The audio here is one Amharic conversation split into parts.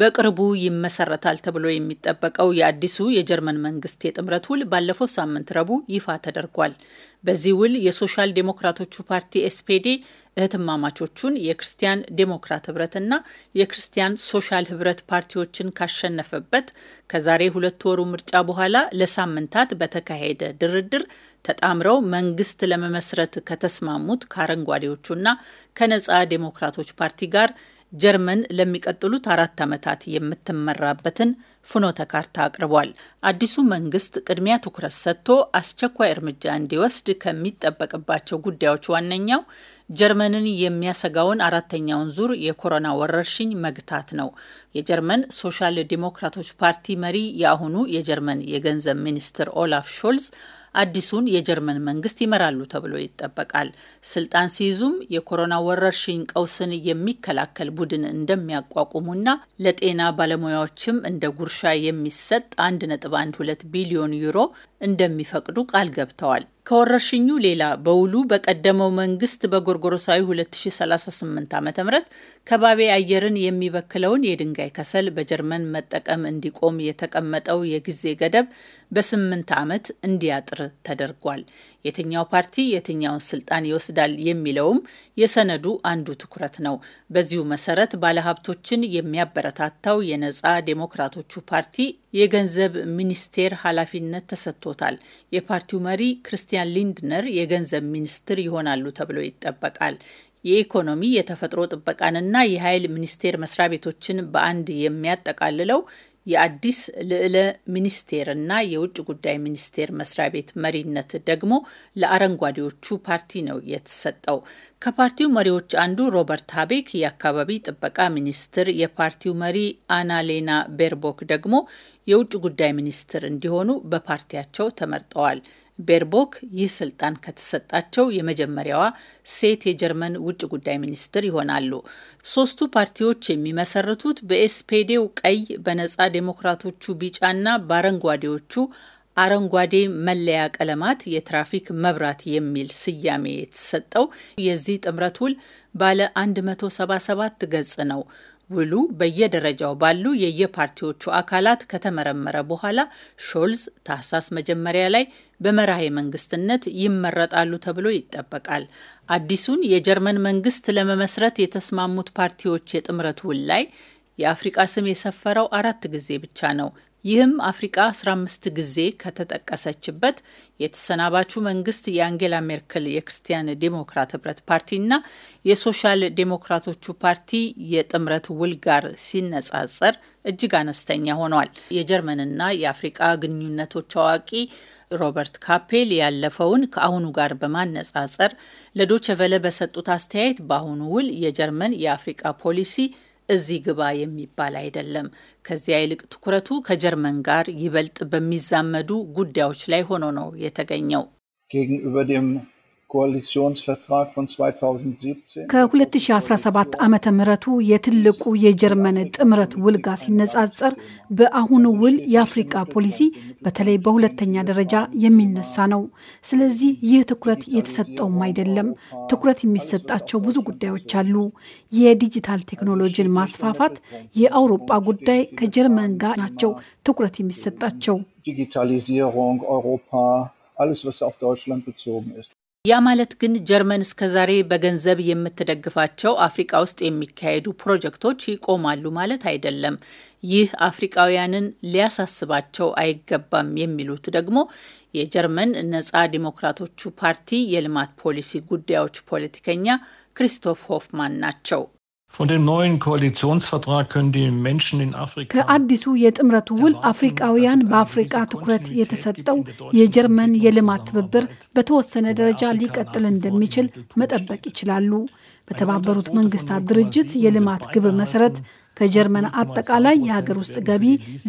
በቅርቡ ይመሰረታል ተብሎ የሚጠበቀው የአዲሱ የጀርመን መንግስት የጥምረት ውል ባለፈው ሳምንት ረቡዕ ይፋ ተደርጓል። በዚህ ውል የሶሻል ዴሞክራቶቹ ፓርቲ ኤስፔዴ እህትማማቾቹን የክርስቲያን ዴሞክራት ህብረትና የክርስቲያን ሶሻል ህብረት ፓርቲዎችን ካሸነፈበት ከዛሬ ሁለት ወሩ ምርጫ በኋላ ለሳምንታት በተካሄደ ድርድር ተጣምረው መንግስት ለመመስረት ከተስማሙት ከአረንጓዴዎቹና ከነጻ ዴሞክራቶች ፓርቲ ጋር ጀርመን ለሚቀጥሉት አራት ዓመታት የምትመራበትን ፍኖተ ካርታ አቅርቧል። አዲሱ መንግስት ቅድሚያ ትኩረት ሰጥቶ አስቸኳይ እርምጃ እንዲወስድ ከሚጠበቅባቸው ጉዳዮች ዋነኛው ጀርመንን የሚያሰጋውን አራተኛውን ዙር የኮሮና ወረርሽኝ መግታት ነው። የጀርመን ሶሻል ዲሞክራቶች ፓርቲ መሪ የአሁኑ የጀርመን የገንዘብ ሚኒስትር ኦላፍ ሾልዝ አዲሱን የጀርመን መንግስት ይመራሉ ተብሎ ይጠበቃል። ስልጣን ሲይዙም የኮሮና ወረርሽኝ ቀውስን የሚከላከል ቡድን እንደሚያቋቁሙና ለጤና ባለሙያዎችም እንደ ጉርሻ የሚሰጥ 1.12 ቢሊዮን ዩሮ እንደሚፈቅዱ ቃል ገብተዋል። ከወረርሽኙ ሌላ በውሉ በቀደመው መንግስት በጎርጎሮሳዊ 2038 ዓ ም ከባቢ አየርን የሚበክለውን የድንጋይ ከሰል በጀርመን መጠቀም እንዲቆም የተቀመጠው የጊዜ ገደብ በስምንት ዓመት እንዲያጥር ተደርጓል። የትኛው ፓርቲ የትኛውን ስልጣን ይወስዳል የሚለውም የሰነዱ አንዱ ትኩረት ነው። በዚሁ መሰረት ባለሀብቶችን የሚያበረታታው የነጻ ዴሞክራቶቹ ፓርቲ የገንዘብ ሚኒስቴር ኃላፊነት ተሰጥቶታል። የፓርቲው መሪ ክርስቲ ክሪስቲያን ሊንድነር የገንዘብ ሚኒስትር ይሆናሉ ተብሎ ይጠበቃል። የኢኮኖሚ የተፈጥሮ ጥበቃንና የኃይል ሚኒስቴር መስሪያ ቤቶችን በአንድ የሚያጠቃልለው የአዲስ ልዕለ ሚኒስቴርና የውጭ ጉዳይ ሚኒስቴር መስሪያ ቤት መሪነት ደግሞ ለአረንጓዴዎቹ ፓርቲ ነው የተሰጠው። ከፓርቲው መሪዎች አንዱ ሮበርት ሀቤክ የአካባቢ ጥበቃ ሚኒስትር፣ የፓርቲው መሪ አናሌና ቤርቦክ ደግሞ የውጭ ጉዳይ ሚኒስትር እንዲሆኑ በፓርቲያቸው ተመርጠዋል። ቤርቦክ ይህ ስልጣን ከተሰጣቸው የመጀመሪያዋ ሴት የጀርመን ውጭ ጉዳይ ሚኒስትር ይሆናሉ። ሶስቱ ፓርቲዎች የሚመሰርቱት በኤስፔዴው ቀይ፣ በነጻ ዴሞክራቶቹ ቢጫና በአረንጓዴዎቹ አረንጓዴ መለያ ቀለማት የትራፊክ መብራት የሚል ስያሜ የተሰጠው የዚህ ጥምረት ውል ባለ 177 ገጽ ነው። ውሉ በየደረጃው ባሉ የየፓርቲዎቹ አካላት ከተመረመረ በኋላ ሾልዝ ታህሳስ መጀመሪያ ላይ በመራሄ መንግስትነት ይመረጣሉ ተብሎ ይጠበቃል። አዲሱን የጀርመን መንግስት ለመመስረት የተስማሙት ፓርቲዎች የጥምረት ውል ላይ የአፍሪቃ ስም የሰፈረው አራት ጊዜ ብቻ ነው። ይህም አፍሪቃ 15 ጊዜ ከተጠቀሰችበት የተሰናባቹ መንግስት የአንጌላ ሜርክል የክርስቲያን ዴሞክራት ህብረት ፓርቲና የሶሻል ዴሞክራቶቹ ፓርቲ የጥምረት ውል ጋር ሲነጻጸር እጅግ አነስተኛ ሆኗል። የጀርመንና የአፍሪቃ ግንኙነቶች አዋቂ ሮበርት ካፔል ያለፈውን ከአሁኑ ጋር በማነጻጸር ለዶቸቨለ በሰጡት አስተያየት በአሁኑ ውል የጀርመን የአፍሪቃ ፖሊሲ እዚህ ግባ የሚባል አይደለም። ከዚያ ይልቅ ትኩረቱ ከጀርመን ጋር ይበልጥ በሚዛመዱ ጉዳዮች ላይ ሆኖ ነው የተገኘው። ከ2017 ዓመተ ምህረቱ የትልቁ የጀርመን ጥምረት ውል ጋር ሲነጻጸር በአሁኑ ውል የአፍሪቃ ፖሊሲ በተለይ በሁለተኛ ደረጃ የሚነሳ ነው። ስለዚህ ይህ ትኩረት የተሰጠውም አይደለም። ትኩረት የሚሰጣቸው ብዙ ጉዳዮች አሉ። የዲጂታል ቴክኖሎጂን ማስፋፋት፣ የአውሮጳ ጉዳይ ከጀርመን ጋር ናቸው ትኩረት የሚሰጣቸው። ያ ማለት ግን ጀርመን እስከዛሬ በገንዘብ የምትደግፋቸው አፍሪቃ ውስጥ የሚካሄዱ ፕሮጀክቶች ይቆማሉ ማለት አይደለም። ይህ አፍሪቃውያንን ሊያሳስባቸው አይገባም የሚሉት ደግሞ የጀርመን ነጻ ዲሞክራቶቹ ፓርቲ የልማት ፖሊሲ ጉዳዮች ፖለቲከኛ ክሪስቶፍ ሆፍማን ናቸው። von dem neuen Koalitionsvertrag können die Menschen in Afrika ከአዲሱ የጥምረቱ ውል አፍሪካውያን በአፍሪቃ ትኩረት የተሰጠው የጀርመን የልማት ትብብር በተወሰነ ደረጃ ሊቀጥል እንደሚችል መጠበቅ ይችላሉ። በተባበሩት መንግስታት ድርጅት የልማት ግብ መሰረት ከጀርመን አጠቃላይ የሀገር ውስጥ ገቢ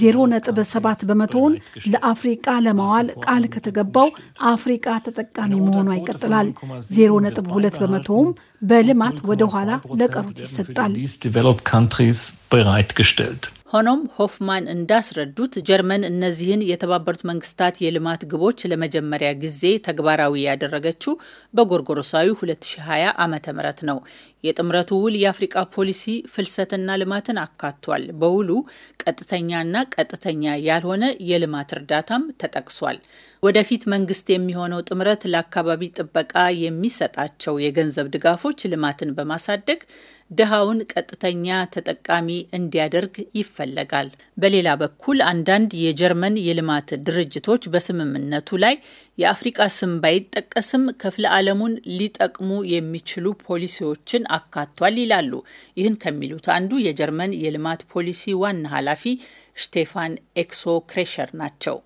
0.7 በመቶውን ለአፍሪቃ ለማዋል ቃል ከተገባው አፍሪቃ ተጠቃሚ መሆኗ ይቀጥላል። 0.2 በመቶውም በልማት ወደ ኋላ ለቀሩት ይሰጣል። ሆኖም ሆፍማን እንዳስረዱት ጀርመን እነዚህን የተባበሩት መንግስታት የልማት ግቦች ለመጀመሪያ ጊዜ ተግባራዊ ያደረገችው በጎርጎሮሳዊ 2020 ዓ ም ነው። የጥምረቱ ውል የአፍሪቃ ፖሊሲ ፍልሰትና ልማትን አካቷል። በውሉ ቀጥተኛና ቀጥተኛ ያልሆነ የልማት እርዳታም ተጠቅሷል። ወደፊት መንግስት የሚሆነው ጥምረት ለአካባቢ ጥበቃ የሚሰጣቸው የገንዘብ ድጋፎች ድጋፎች ልማትን በማሳደግ ድሃውን ቀጥተኛ ተጠቃሚ እንዲያደርግ ይፈለጋል። በሌላ በኩል አንዳንድ የጀርመን የልማት ድርጅቶች በስምምነቱ ላይ የአፍሪቃ ስም ባይጠቀስም ክፍለ ዓለሙን ሊጠቅሙ የሚችሉ ፖሊሲዎችን አካቷል ይላሉ። ይህን ከሚሉት አንዱ የጀርመን የልማት ፖሊሲ ዋና ኃላፊ ስቴፋን ኤክሶ ክሬሸር ናቸው።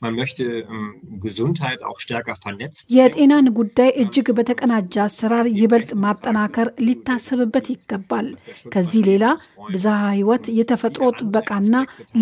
man möchte ähm, Gesundheit auch stärker vernetzt. የጤናን ጉዳይ እጅግ በተቀናጀ አሰራር ይበልጥ ማጠናከር ሊታሰብበት ይገባል። ከዚህ ሌላ ብዝሃ ሕይወት፣ የተፈጥሮ ጥበቃና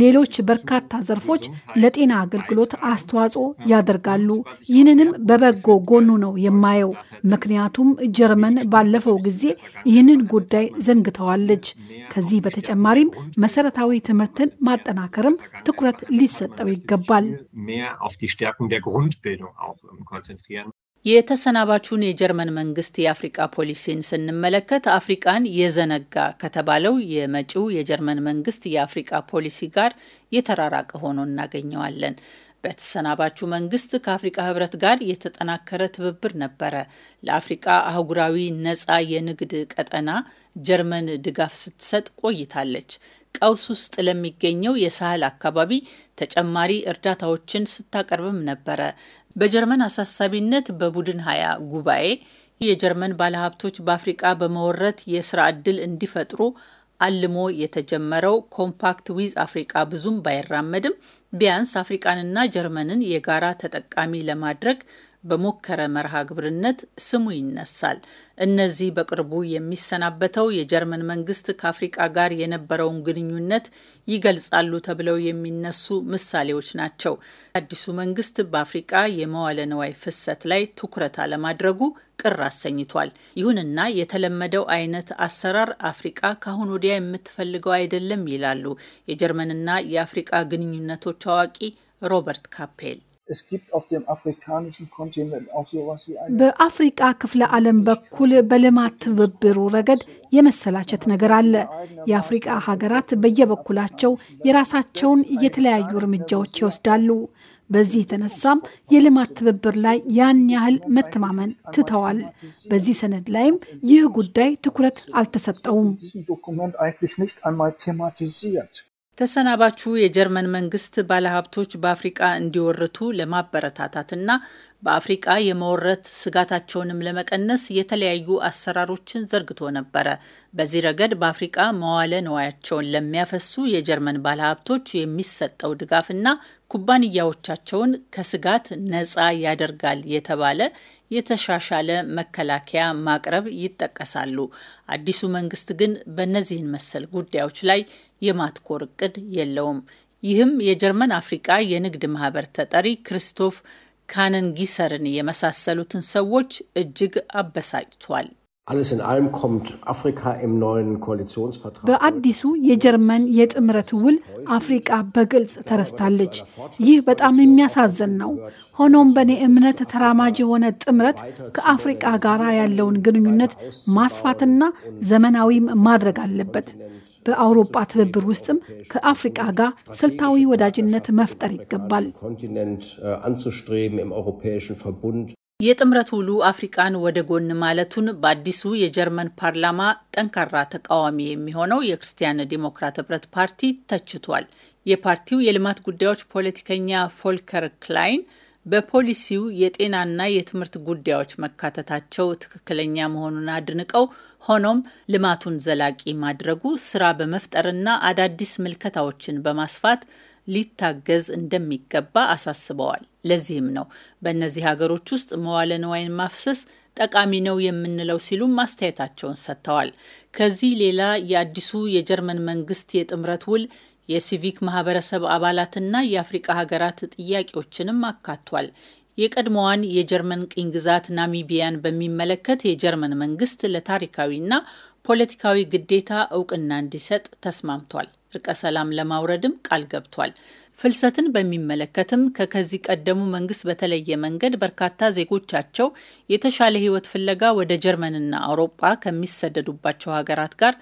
ሌሎች በርካታ ዘርፎች ለጤና አገልግሎት አስተዋጽኦ ያደርጋሉ። ይህንንም በበጎ ጎኑ ነው የማየው። ምክንያቱም ጀርመን ባለፈው ጊዜ ይህንን ጉዳይ ዘንግተዋለች። ከዚህ በተጨማሪም መሰረታዊ ትምህርትን ማጠናከርም ትኩረት ሊሰጠው ይገባል። mehr auf die Stärkung der Grundbildung auch ähm, konzentrieren. የተሰናባቹን የጀርመን መንግስት የአፍሪቃ ፖሊሲን ስንመለከት አፍሪቃን የዘነጋ ከተባለው የመጪው የጀርመን መንግስት የአፍሪቃ ፖሊሲ ጋር የተራራቀ ሆኖ እናገኘዋለን። በተሰናባቹ መንግስት ከአፍሪቃ ህብረት ጋር የተጠናከረ ትብብር ነበረ። ለአፍሪቃ አህጉራዊ ነፃ የንግድ ቀጠና ጀርመን ድጋፍ ስትሰጥ ቆይታለች። ቀውስ ውስጥ ለሚገኘው የሳህል አካባቢ ተጨማሪ እርዳታዎችን ስታቀርብም ነበረ። በጀርመን አሳሳቢነት በቡድን ሀያ ጉባኤ የጀርመን ባለሀብቶች በአፍሪቃ በመወረት የስራ ዕድል እንዲፈጥሩ አልሞ የተጀመረው ኮምፓክት ዊዝ አፍሪቃ ብዙም ባይራመድም ቢያንስ አፍሪቃንና ጀርመንን የጋራ ተጠቃሚ ለማድረግ በሞከረ መርሃ ግብርነት ስሙ ይነሳል። እነዚህ በቅርቡ የሚሰናበተው የጀርመን መንግስት ከአፍሪቃ ጋር የነበረውን ግንኙነት ይገልጻሉ ተብለው የሚነሱ ምሳሌዎች ናቸው። አዲሱ መንግስት በአፍሪቃ የመዋለ ንዋይ ፍሰት ላይ ትኩረት አለማድረጉ ቅር አሰኝቷል። ይሁንና የተለመደው አይነት አሰራር አፍሪቃ ካሁን ወዲያ የምትፈልገው አይደለም ይላሉ የጀርመንና የአፍሪቃ ግንኙነቶች አዋቂ ሮበርት ካፔል es በአፍሪቃ ክፍለ ዓለም በኩል በልማት ትብብሩ ረገድ የመሰላቸት ነገር አለ። የአፍሪቃ ሀገራት በየበኩላቸው የራሳቸውን የተለያዩ እርምጃዎች ይወስዳሉ። በዚህ የተነሳም የልማት ትብብር ላይ ያን ያህል መተማመን ትተዋል። በዚህ ሰነድ ላይም ይህ ጉዳይ ትኩረት አልተሰጠውም። ተሰናባቹ የጀርመን መንግስት ባለሀብቶች በአፍሪቃ እንዲወርቱ ለማበረታታትና በአፍሪቃ የመወረት ስጋታቸውንም ለመቀነስ የተለያዩ አሰራሮችን ዘርግቶ ነበረ። በዚህ ረገድ በአፍሪቃ መዋለ ንዋያቸውን ለሚያፈሱ የጀርመን ባለሀብቶች የሚሰጠው ድጋፍና ኩባንያዎቻቸውን ከስጋት ነፃ ያደርጋል የተባለ የተሻሻለ መከላከያ ማቅረብ ይጠቀሳሉ። አዲሱ መንግስት ግን በእነዚህን መሰል ጉዳዮች ላይ የማትኮር እቅድ የለውም። ይህም የጀርመን አፍሪቃ የንግድ ማህበር ተጠሪ ክርስቶፍ ካነንጊሰርን የመሳሰሉትን ሰዎች እጅግ አበሳጭቷል። በአዲሱ የጀርመን የጥምረት ውል አፍሪቃ በግልጽ ተረስታለች። ይህ በጣም የሚያሳዝን ነው። ሆኖም በእኔ እምነት ተራማጅ የሆነ ጥምረት ከአፍሪቃ ጋር ያለውን ግንኙነት ማስፋትና ዘመናዊም ማድረግ አለበት። በአውሮፓ ትብብር ውስጥም ከአፍሪቃ ጋር ስልታዊ ወዳጅነት መፍጠር ይገባል። የጥምረት ውሉ አፍሪቃን ወደ ጎን ማለቱን በአዲሱ የጀርመን ፓርላማ ጠንካራ ተቃዋሚ የሚሆነው የክርስቲያን ዲሞክራት ህብረት ፓርቲ ተችቷል። የፓርቲው የልማት ጉዳዮች ፖለቲከኛ ፎልከር ክላይን በፖሊሲው የጤናና የትምህርት ጉዳዮች መካተታቸው ትክክለኛ መሆኑን አድንቀው ሆኖም ልማቱን ዘላቂ ማድረጉ ስራ በመፍጠርና አዳዲስ ምልከታዎችን በማስፋት ሊታገዝ እንደሚገባ አሳስበዋል። ለዚህም ነው በእነዚህ ሀገሮች ውስጥ መዋለ ንዋይን ማፍሰስ ጠቃሚ ነው የምንለው ሲሉም ማስተያየታቸውን ሰጥተዋል። ከዚህ ሌላ የአዲሱ የጀርመን መንግስት የጥምረት ውል የሲቪክ ማህበረሰብ አባላትና የአፍሪቃ ሀገራት ጥያቄዎችንም አካቷል። የቀድሞዋን የጀርመን ቅኝ ግዛት ናሚቢያን በሚመለከት የጀርመን መንግስት ለታሪካዊና ፖለቲካዊ ግዴታ እውቅና እንዲሰጥ ተስማምቷል። እርቀ ሰላም ለማውረድም ቃል ገብቷል። ፍልሰትን በሚመለከትም ከከዚህ ቀደሙ መንግስት በተለየ መንገድ በርካታ ዜጎቻቸው የተሻለ ህይወት ፍለጋ ወደ ጀርመንና አውሮጳ ከሚሰደዱባቸው ሀገራት ጋር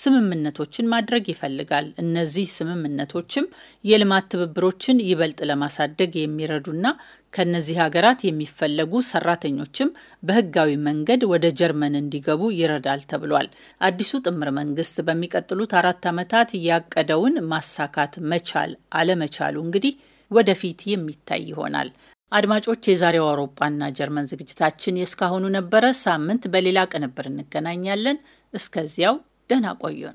ስምምነቶችን ማድረግ ይፈልጋል። እነዚህ ስምምነቶችም የልማት ትብብሮችን ይበልጥ ለማሳደግ የሚረዱና ከነዚህ ሀገራት የሚፈለጉ ሰራተኞችም በህጋዊ መንገድ ወደ ጀርመን እንዲገቡ ይረዳል ተብሏል። አዲሱ ጥምር መንግስት በሚቀጥሉት አራት ዓመታት ያቀደውን ማሳካት መቻል አለመቻሉ እንግዲህ ወደፊት የሚታይ ይሆናል። አድማጮች፣ የዛሬው አውሮፓና ጀርመን ዝግጅታችን የእስካሁኑ ነበረ። ሳምንት በሌላ ቅንብር እንገናኛለን። እስከዚያው ደህና ቆዩን።